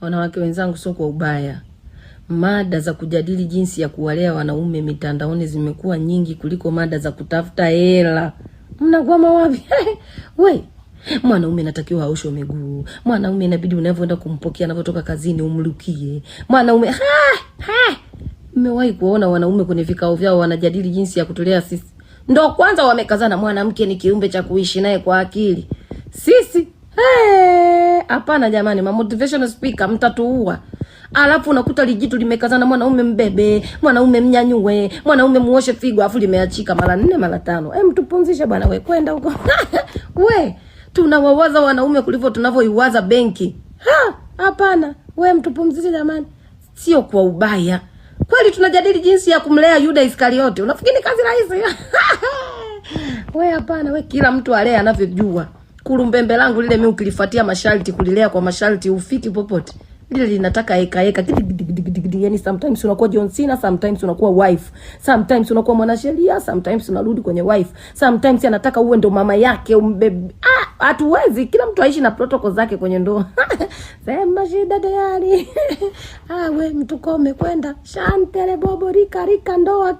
wanawake wenzangu, sio kwa ubaya, mada za kujadili jinsi ya kuwalea wanaume mitandaoni zimekuwa nyingi kuliko mada za kutafuta hela. Mnakwama wapi? we mwanaume natakiwa aoshe miguu, mwanaume inabidi unavyoenda kumpokea anavyotoka kazini umlukie mwanaume. Mmewahi kuona wanaume kwenye vikao vyao wanajadili jinsi ya kutolea sisi? Ndo kwanza wamekazana, mwanamke ni kiumbe cha kuishi naye kwa akili. Sisi hey! Hapana jamani, ma motivation speaker mtatuua. Alafu unakuta lijitu limekazana, mwanaume mbebe, mwanaume mnyanyue, mwanaume muoshe figo, afu limeachika mara nne mara tano. Hem, tupunzishe bwana, we kwenda huko we tunawawaza wanaume kulivyo tunavyoiwaza benki. Ha, hapana we, mtupumzishe jamani, sio kwa ubaya. Kweli tunajadili jinsi ya kumlea Yuda Iskariote, unafikiri kazi rahisi? we hapana, we kila mtu alee anavyojua mbembe langu lile mimi ukilifuatia masharti kulilea kwa masharti ufiki popote. Lile linataka eka heka. yani sometimes unakuwa John Cena, sometimes unakuwa wife. Sometimes unakuwa mwanasheria, sometimes unarudi kwenye wife. Sometimes anataka uwe ndo mama yake umbebe. Ah, hatuwezi. Kila mtu aishi na protocol zake kwenye ndoa. Sema shida tayari. Ah, we mtu kwa Shantele bobo rika rika ndoa